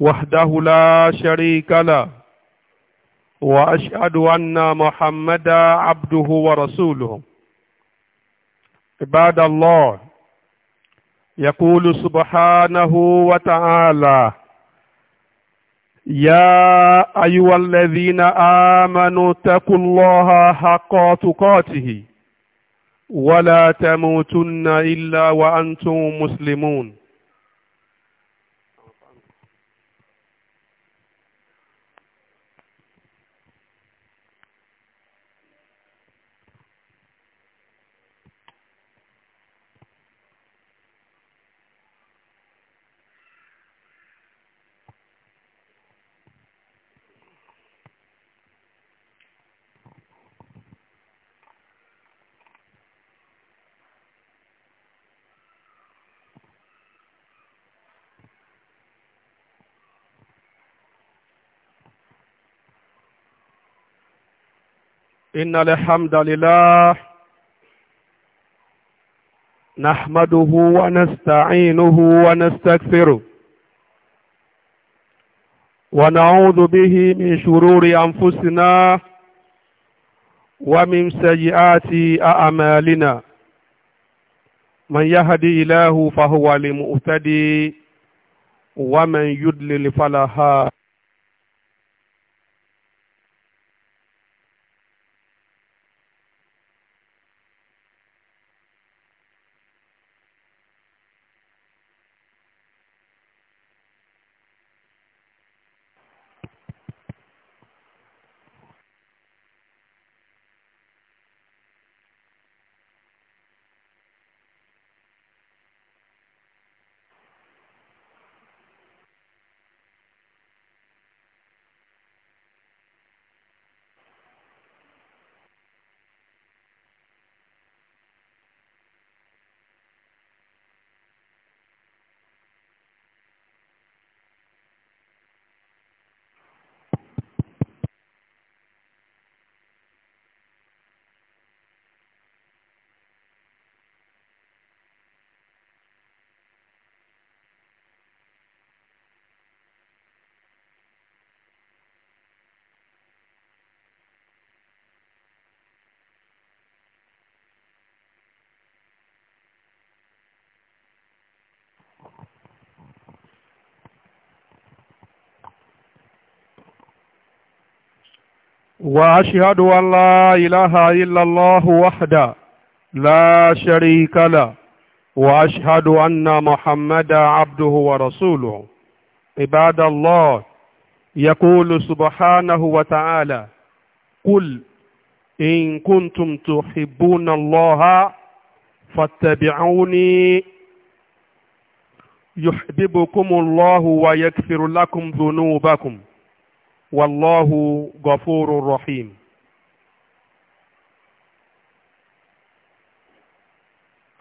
وحده لا شريك له وأشهد أن محمدا عبده ورسوله عباد الله يقول سبحانه وتعالى يا أيها الذين آمنوا اتقوا الله حق تقاته ولا تموتن إلا وأنتم مسلمون إن الحمد لله نحمده ونستعينه ونستغفره ونعوذ به من شرور أنفسنا ومن سيئات أعمالنا من يهدي إله فهو لمؤتدي ومن يدلل فلا هادي وأشهد أن لا إله إلا الله وحده لا شريك له وأشهد أن محمدا عبده ورسوله عباد الله يقول سبحانه وتعالى قل إن كنتم تحبون الله فاتبعوني يحببكم الله ويكفر لكم ذنوبكم wallahu ghafurur rahim.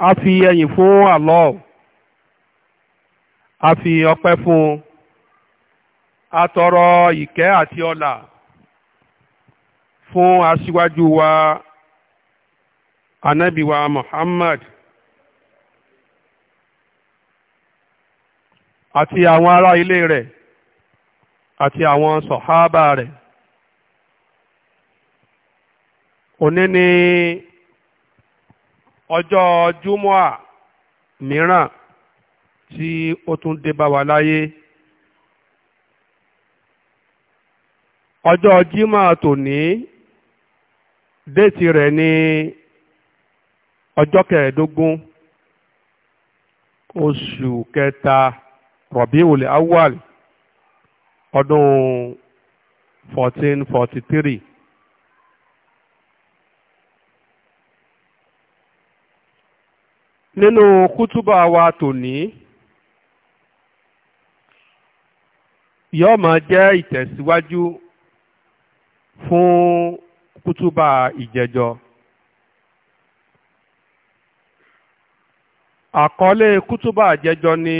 a fi ẹyìn fún Allah a fi ọpẹ fún un a tọrọ ìkẹ́ àti ọlà fún aṣíwájú wa anabiwa Muhammad àti àwọn ará ilé rẹ̀. àti àwọn sọ̀hábà rẹ̀ òní ni ọjọ́ júmọ́à mìíràn tí ó tún dé bá wa láyé ọjọ́ jímọ̀ tòní déètì rẹ̀ ní ọjọ́ kẹẹ̀ẹ́dógún oṣù kẹta rọ̀bíwòlẹ̀ awal ọdún 1443 nínú kútúbà wa tòní yóò máa jẹ́ ìtẹ̀síwájú fún kútúbà ìjẹjọ àkọọ́lẹ̀ kútúbà ìjẹjọ ni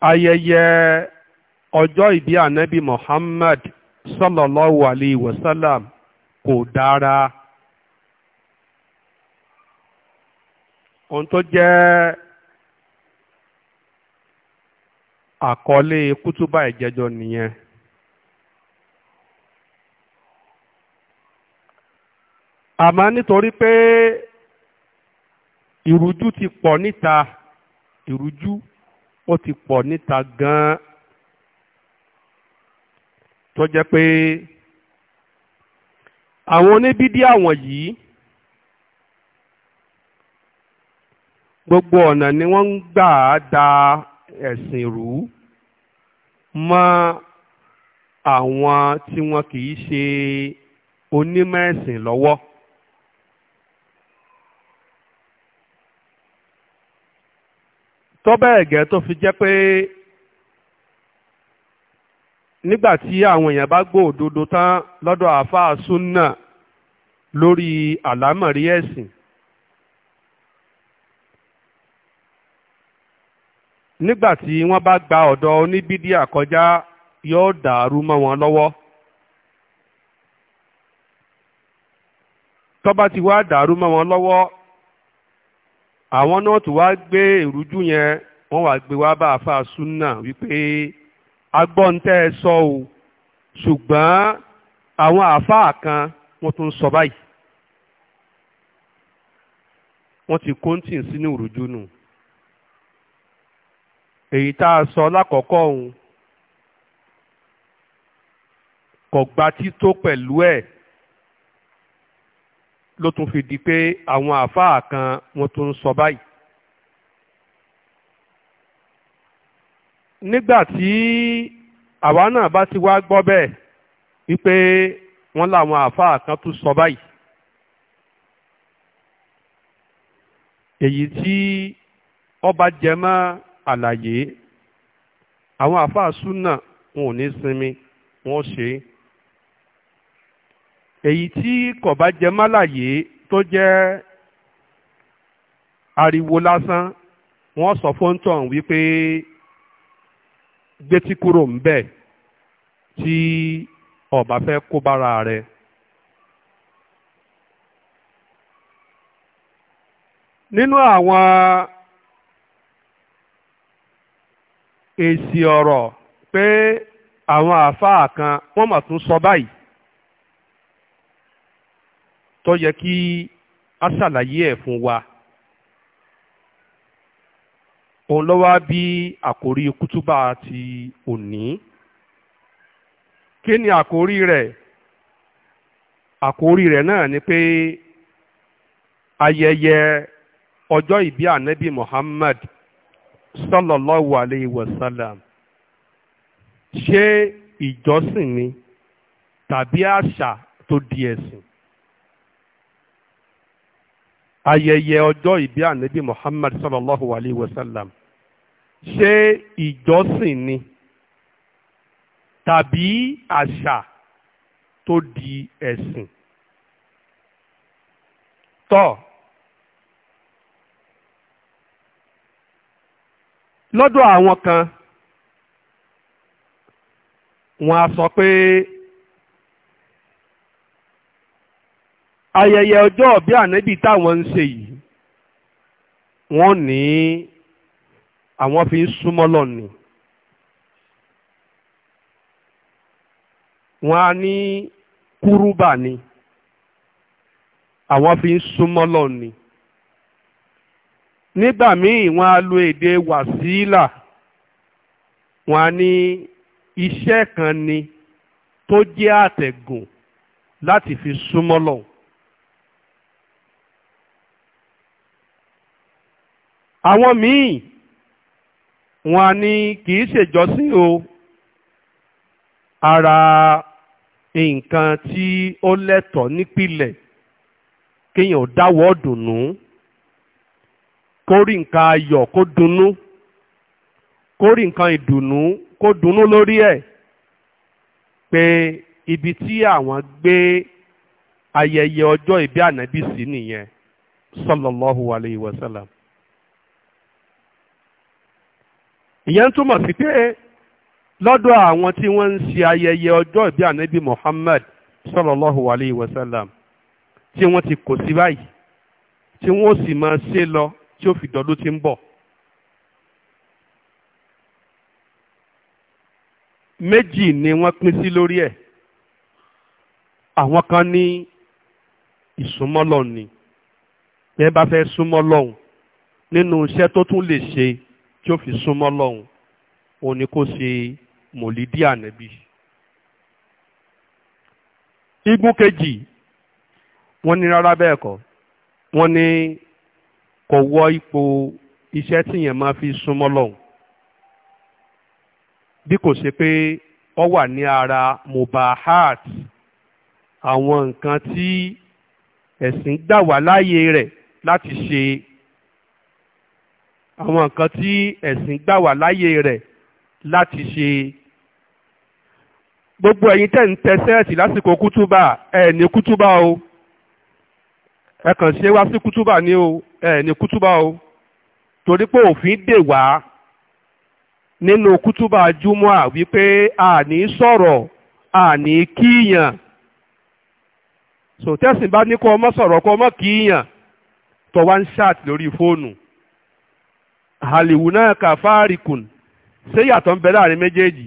ayẹyẹ ọjọ́ ìbí anabi Muhammad sallallahu alayhi wa sallam kò dára ohun tó jẹ́ àkọlé kútúbà ìjẹjọ nìyẹn àmọ́ nítorí pé ìrújú ti pọ̀ níta ìrújú ó ti pọ̀ níta gan-an tó jẹ́ pé àwọn oníbídíà wọ̀nyí gbogbo ọ̀nà ni wọ́n ń gbà da ẹ̀sìn rú mọ́ àwọn tí wọn kì í ṣe onímọ̀ ẹ̀sìn lọ́wọ́. tó bẹ́ẹ̀ gẹ́ tó fi jẹ́ pé nígbà tí àwọn èèyàn bá gbọ́ òdodo tán lọ́dọ̀ àáfàá súnà lórí àlámọ̀rí ẹ̀sìn nígbà tí wọ́n bá gba ọ̀dọ̀ oníbídíà àkọjá yóò dàrú mọ́ wọn lọ́wọ́ tó ti wá dàrú mọ́ wọn lọ́wọ́ àwọn náà tó wá gbé ìrújú yẹn wọ́n wá gbé wá bá àfa súnà wípé agbọ́ntẹ́ ẹ sọ o ṣùgbọ́n àwọn àáfàá kan wọ́n tún sọ báyìí wọ́n ti kóńtìn sínú ìrújú nù èyí tá a sọ lákọ̀ọ́kọ́ òun kò gba pẹ̀lú ẹ̀ ló tún fi di pé àwọn àáfàá kan wọ́n tún ń sọ báyìí. nígbà tí àwa náà bá ti wá gbọ́ bẹ́ẹ̀ wípé wọ́n láwọn àáfàá kan tún sọ báyìí. èyí tí ọba jẹmọ́ àlàyé àwọn àáfàá súnà wọn ò ní sinmi wọ́n ṣe é èyí tí kò bá jẹ málàyé tó jẹ́ ariwo lásán wọ́n sọ fóńtọ̀n wípé gbétí kúrò ń bẹ̀ tí ọba fẹ́ kó bára rẹ̀. nínú àwọn èsì ọ̀rọ̀ pé àwọn àáfàá kan wọ́n mà tún sọ báyìí tó yẹ kí a ṣàlàyé fún wa òun ló wá bí àkórí kútúbà ti òní kí ni àkórí rẹ̀ àkórí rẹ̀ náà ni pé ayẹyẹ ọjọ́ ìbí anabi Muhammad sallallahu alayhi wa sallam ṣé ìjọsìn ni tàbí àṣà tó di ayẹyẹ ọjọ́ ìbí ànábì Muhammad sallallahu alayhi wa sallam ṣé ìjọsìn ni tàbí àṣà tó di ẹ̀sìn tọ́ lọ́dọ̀ àwọn kan wọ́n á sọ pé ayẹyẹ ọjọ́ ọ̀bí ànábì táwọn ń ṣe yìí wọ́n ní àwọn fi ń súnmọ́ lọ́ni wọ́n á ní kúrúbà ni àwọn fi ń súnmọ́ lọ́ni nígbà míì wọ́n á lo èdè wàsílà wọ́n á ní iṣẹ́ kan ni tó jẹ́ àtẹ̀gùn láti fi súnmọ́ lọ́hùn àwọn míì wọn a ní kì í ṣèjọsìn o ara nǹkan tí ó lẹ́tọ̀ nípìlẹ̀ kéèyàn dáwọ́ dùnú kó nǹkan ayọ̀ kó dunnú kórì rí nǹkan ìdùnnú kó lórí ẹ̀ pé ibi tí àwọn gbé ayẹyẹ ọjọ́ ìbí ànábì sí nìyẹn sallallahu alayhi wa ìyẹn túmọ̀ sí pé lọ́dọ̀ àwọn tí wọ́n ń ṣe ayẹyẹ ọjọ́ ìbí ànábì Muhammad sallallahu alayhi wa sallam tí wọ́n ti kò sí báyìí tí wọ́n sì máa ṣe lọ tí ó fi dọ́dún tí ń bọ̀. méjì ni wọ́n pín sí lórí ẹ̀ àwọn kan ní ìsúnmọ́lọ́ ni bẹ́ẹ̀ bá fẹ́ súnmọ́ lọ́hùn nínú iṣẹ́ tó tún lè ṣe tí ó fi súnmọ́ lọ́hùn ó ní kó ṣe mòlídìí ànábì. igun kejì wọ́n ní rárá bẹ́ẹ̀ kọ́ wọ́n ní kò wọ ipò iṣẹ́ tíyẹn máa fi súnmọ́ lọ́hùn bí kò ṣe pé ó wà ní ara mubahat àwọn nǹkan tí ẹ̀sìn gbà wá láàyè rẹ̀ láti ṣe àwọn nǹkan tí ẹ̀sìn gbà wá láyé rẹ̀ láti ṣe gbogbo ẹ̀yin tẹ́ ń tẹ sẹ́ẹ̀tì lásìkò kútúbà ẹ̀ ní kútúbà o ẹ kàn ṣe wá sí kútúbà ní o ẹ̀ ní kútúbà o torí pé òfin dè wá nínú kútúbà júmọ́à wípé a ní sọ̀rọ̀ a ní kíyàn so tẹ́sìn bá ní kó o mọ́ sọ̀rọ̀ kó o mọ́ kíyàn tó wá ń ṣáàtì lórí fóònù haliwuna kafarikun ṣé yàtọ̀ ń bẹ láàrin méjèèjì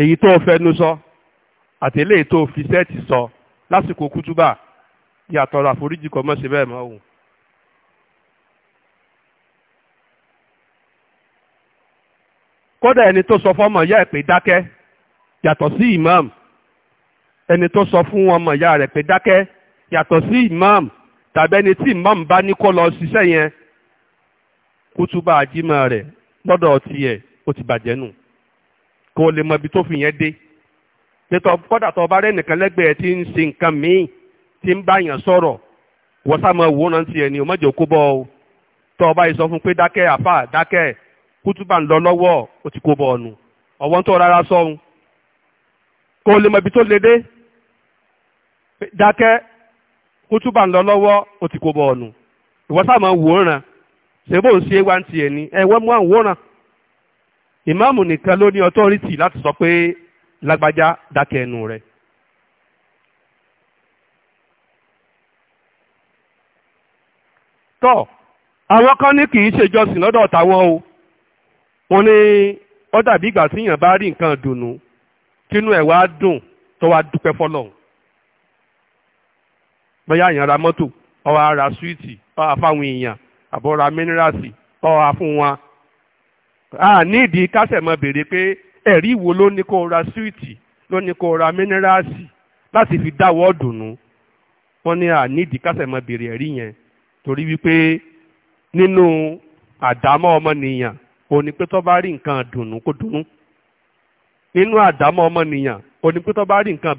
èyí tó fẹnu sọ àti eléyìí tó fi sẹ́ẹ̀tì sọ lásìkò kútúbà yàtọ̀ àforíjì kọ́ mọ́ sí bẹ́ẹ̀ mọ́ òun. kódà ẹni tó sọ fọ́mọ ìyá ẹ̀ pé dákẹ́ yàtọ̀ sí imam ẹni tó sọ fún ọmọ ìyá rẹ̀ pé dákẹ́ yàtọ̀ sí imam tàbí ẹni tí imam bá ní kó lọ ṣiṣẹ́ yẹn kútúbà àjímọ̀ re lọ́dọ̀ tiẹ̀ o ti bàjẹ́ nù o lè mọ ibi tó fi yẹn dé tètò kọ́dà tó bá rẹ̀ nìkan lẹ́gbẹ̀ẹ́ tí ń ṣe nǹkan míì tí ń bá yàn sọ̀rọ̀ ti o mọ̀jẹ̀ kó bọ́ ọ tó o yìí sọ fún pé dákẹ́ àfà dákẹ́ kútúbà ń lọ lọ́wọ́ ó ti kó bọ́ ọ nù tó rárá o lè mọ ibi tó dé kútúbà ń lọ ti kó ọ nù Sebo ń ṣe wá ń tiẹ̀ ni ẹ wọ́n mú àwọn wọ́nà ìmáàmù nìkan ló ní ọtọ́rìtì láti sọ pé lágbájá dákẹ́ ẹnu rẹ̀. tọ́ àwọn kan ní kì í ṣèjọsìn lọ́dọ̀ tàwọn o wọ́n ní ó dàbí ìgbà tí èèyàn bá rí nǹkan dùnú tínú ẹ̀ wá dùn tó wá dúpẹ́ fọlọ́hún bóyá èèyàn ra mọ́tò ó wá ra súwìtì ó wá èèyàn àbọ̀ra mínírààsì ọ̀ra fún wọn. a nídìí kásẹ̀ mọ́ béèrè pé ẹ̀rí wo ló ní kó ra súwìtì ló ní kó ra mínírààsì láti fi dáwọ́ dùnú wọ́n ní a nídìí kásẹ̀ mọ́ béèrè ẹ̀rí yẹn torí wípé nínú àdámọ́ ọmọnìyàn ó ní pé tó bá rí nǹkan dùnú kó dùnú nínú àdámọ́ ọmọnìyàn ó pé tó bá rí nǹkan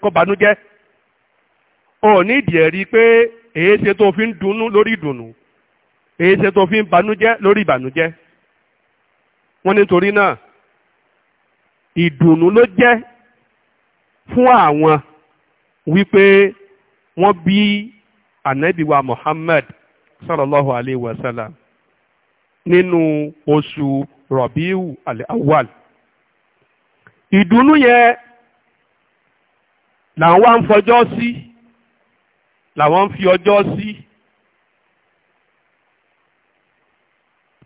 kó bànújẹ́ ó ìdí ẹ̀rí pé èé ṣe tó fi ń dùnú lórí ìdùnnú èyí ṣe tó fi ń banújẹ́ lórí ìbànújẹ́ wọ́n nítorí náà ìdùnnú ló jẹ́ fún àwọn wípé wọ́n bí ànábìwa Muhammad sallallahu alayhi wa sallam nínú oṣù rọ̀bíù al-awwal ìdùnnú yẹn làwọn wá ń fọjọ́ sí làwọn ń fi ọjọ́ sí. Si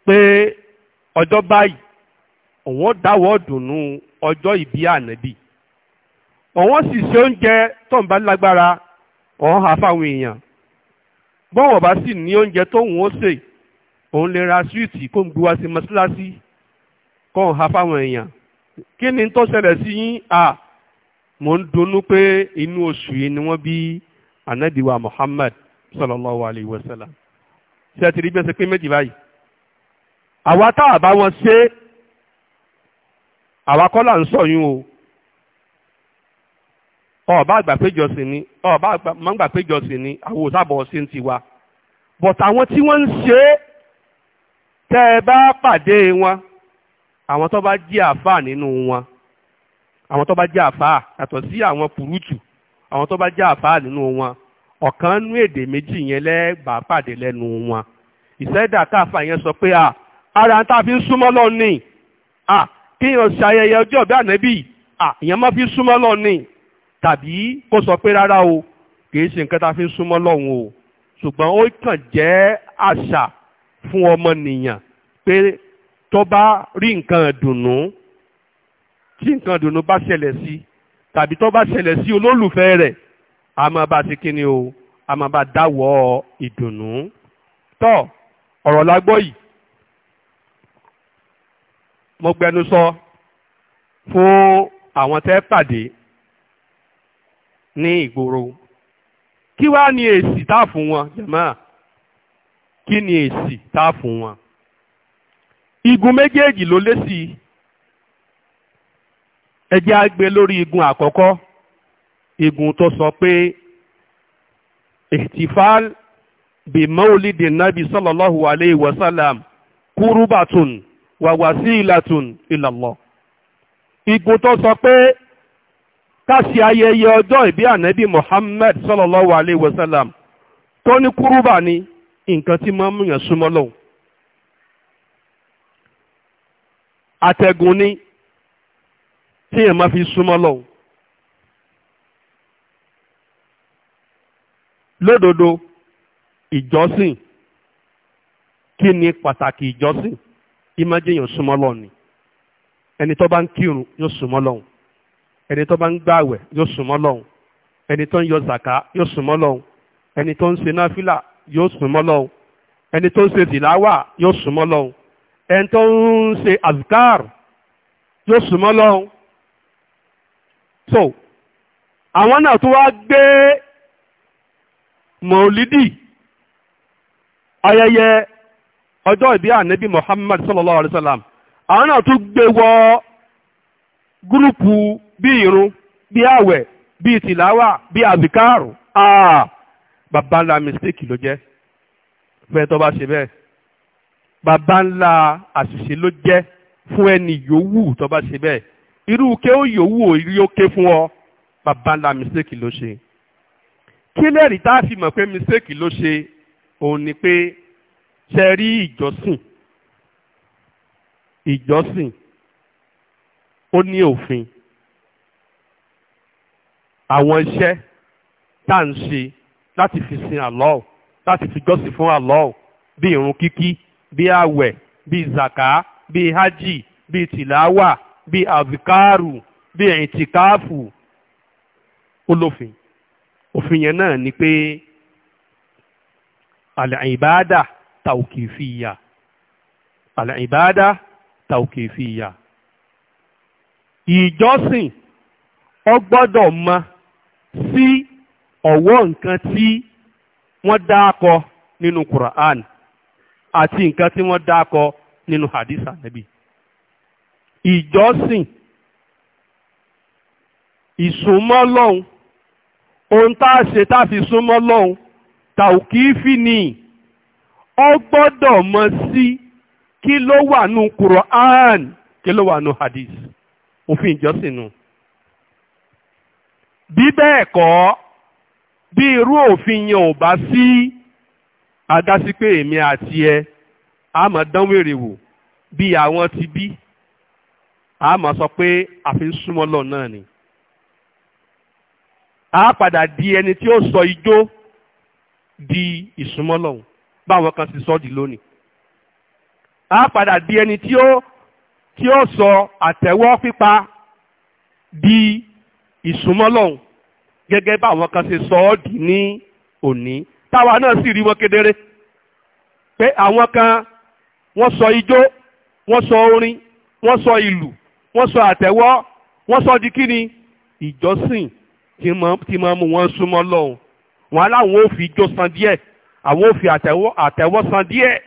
pé ọjọ́ báyìí òun dáwọ́ dùnú ọjọ́ ìbí ànábì òun sì ṣe oúnjẹ tó ń bá lágbára òun hà fáwọn èèyàn bọ́wọ̀ bá sì ní oúnjẹ tóun ó sè òun lè ra súwìtì kó ń gbé wá sí mọ́ṣáláṣí kó ń hà fáwọn èèyàn kí ni tó ṣẹlẹ̀ sí yín à mò ń dunnú pé inú oṣù yìí ni wọ́n bí ànábì wa Muhammad sallallahu alayhi wa sallam ṣe àti rí bẹ́sẹ̀ pé méjì báyìí àwa tá a bá wọn ṣe àwa kọ́ là ń sọ yín o ọba àgbàpéjọsìn ni ọba àgbàpéjọsìn ni àwọn òsàbọ̀ ṣe ń tiwa but àwọn tí wọ́n ń ṣe é tẹ́ ẹ bá pàdé wọn àwọn tó bá jẹ́ àáfàá nínú wọn àwọn tó bá jẹ́ àáfàá yàtọ̀ sí àwọn pùrùtù àwọn tó bá jẹ́ àáfàá nínú wọn ọ̀kan nú èdè méjì yẹn lẹ́ẹ̀bà pàdé lẹ́nu wọn ìṣẹ́dá káàfà yẹn sọ pé à ara tá a fi ń súnmọ́ lọ́ọ̀ ni kíyàn ṣe ayẹyẹ ọjọ́ ìbí ànábì ìyẹn má fi ń súnmọ́ lọ́ọ̀ ni tàbí kó sọ pé rárá o kìí ṣe nǹkan tá a fi ń súnmọ́ lọ́hùn o ṣùgbọ́n ó kàn jẹ́ àṣà fún ọmọnìyàn pé tó bá rí nǹkan dùnnú tí nǹkan dùnnú bá ṣẹlẹ̀ sí tàbí tó bá ṣẹlẹ̀ sí olólùfẹ́ rẹ̀ a máa bá ṣe kíni o a máa bá dáwọ́ ìdùnnú tó ọ̀rọ̀ la yìí mo gbẹnusọ fún àwọn tẹ́ pàdé ní ìgboro kí wá ní èsì tá fún wọn jàmáà kí ni èsì tá a fún wọn igun méjèèjì ló lé sí ẹ jẹ́ á gbé lórí igun àkọ́kọ́ igun tó sọ pé ihtifal bi mawlidin nabi sallallahu alayhi wa sallam kurubatun wàwàsílàtún ìlàlọ́. Igun tó sọ pé káṣí ayẹyẹ ọjọ́ ìbí ànábì Muhammad sallallahu alayhi wa sallam tó ní kúrúbà ni nǹkan tí máa ń múyàn súnmọ́ lòun. Àtẹ̀gùn ni tí èèyàn máa fi súnmọ́ lòun. Lódodo ìjọsìn kí ni pàtàkì ìjọsìn? ìmájẹ́ yàn súnmọ́ lọ́wọ́ ni ẹni tó bá ń kírun yóò súnmọ́ lọ́wọ́ ẹni tó bá ń gbààwẹ̀ yóò súnmọ́ lọ́wọ́ ẹni tó ń yọ zàká yóò súnmọ́ lọ́wọ́ ẹni tó ń ṣe náfìlà yóò súnmọ́ lọ́wọ́ ẹni tó ń ṣe tìláwà yóò súnmọ́ lọ́wọ́ ẹni tó ń ṣe azkar yóò súnmọ́ lọ́wọ́ so àwọn náà tó wá gbé mọ̀lídì ayẹyẹ ọjọ́ ìbí ànábì Muhammad sallallahu alaihi wasallam sallam àwọn náà tún gbé wọ gúrùpù bí irun bí àwẹ̀ bí tìláwà bí àbíkárù bàbá ńlá mistake ló jẹ́ fẹ́ tó bá ṣe bẹ́ẹ̀ bàbá ńlá àṣìṣe ló jẹ́ fún ẹni yòówù tó bá ṣe bẹ́ẹ̀ irú ké ó yòówù ò rí ó ké fún ọ bàbá ńlá mistake ló ṣe kí lẹ́rìí tá a fi mọ̀ pé mistake ló ṣe òun ni pé ṣe rí ìjọsìn ìjọsìn ó ní òfin àwọn iṣẹ́ tá à ń ṣe láti fi sin Allah láti fi jọ́sìn fún Allah bí irun kíkí bí àwẹ̀ bí zaka bí hajj bí tìláwà bí àvikáàrù bí ìtìkáàfù ó lófin òfin yẹn náà ni pé àlẹ́ ìbáàdà tàùkìfìyà àlàìbáadá tàùkìfìyà ìjọsìn ọ gbọ́dọ̀ mọ sí ọ̀wọ́ nǹkan tí wọ́n dákọ nínú Quran àti nǹkan tí wọ́n dákọ nínú hadith Ànábì ìjọsìn ìsúnmọ́ lọ́hùn ohun tá a ṣe tá a fi súnmọ́ lọ́hùn tàùkìfì nìyí ọ gbọ́dọ̀ mọ̀ sí kí ló wà nù Quran kí ló wà nù hadith òfin ìjọsìn nù. bí bẹ́ẹ̀ kọ́ bí irú òfin yẹn ò bá sí adásí pé èmi àti ẹ a dán wèrè wò bí àwọn ti bí a sọ pé àfi súnmọ́ lọ náà ni a padà di ẹni tí ó sọ ijó di ìsúnmọ́ lọ́hùn báwọn kan sì sọ di lónìí a padà di ẹni tí ó tí ó sọ àtẹ́wọ́ pípa di ìsúnmọ́lọ́hùn gẹ́gẹ́ báwọn kan ṣe sọ ọ́ di ní òní táwa náà sì rí wọn kedere pé àwọn kan wọ́n sọ ijó wọ́n sọ orin wọ́n sọ ìlù wọ́n sọ àtẹ́wọ́ wọ́n sọ di kíni ìjọsìn tí máa mú wọn súnmọ́ lọ́hùn wọn aláwọn ò fi ijó san díẹ̀ àwọn ò fi san díẹ̀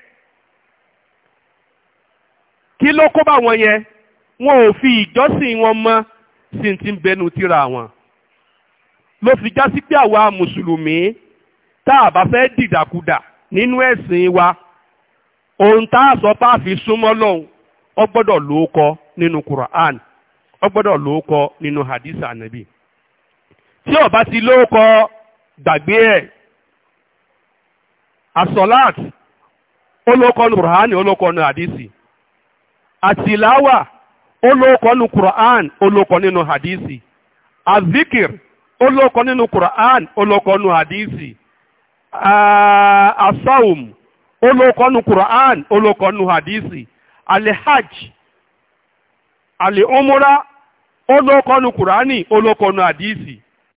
kí ló kó bá wọn yẹn wọn ò fi ìjọsìn wọn mọ sí ti ń bẹnu tíra wọn ló fi já sí pé àwa mùsùlùmí tá a bá fẹ́ dìdàkudà nínú ẹ̀sìn wa ohun tá a sọ bá fi súnmọ́ lọ́hùn ó gbọ́dọ̀ ló kọ nínú Quran ó gbọ́dọ̀ ló kọ nínú hadith anabi tí ó bá ti ló kọ gbàgbé ẹ̀ asolat olókọ́nu Kùránì olókọ́nu hadisi Atilawa, olókọ́nu Kùránì olókọ́ hadisi azikir olókọ́ nínú Kùránì hadisi asawum olókọ́nu Kùránì olókọ́nu hadisi alihaj alihumura olókọ́nu Qur'ani, olókọ́nu hadisi.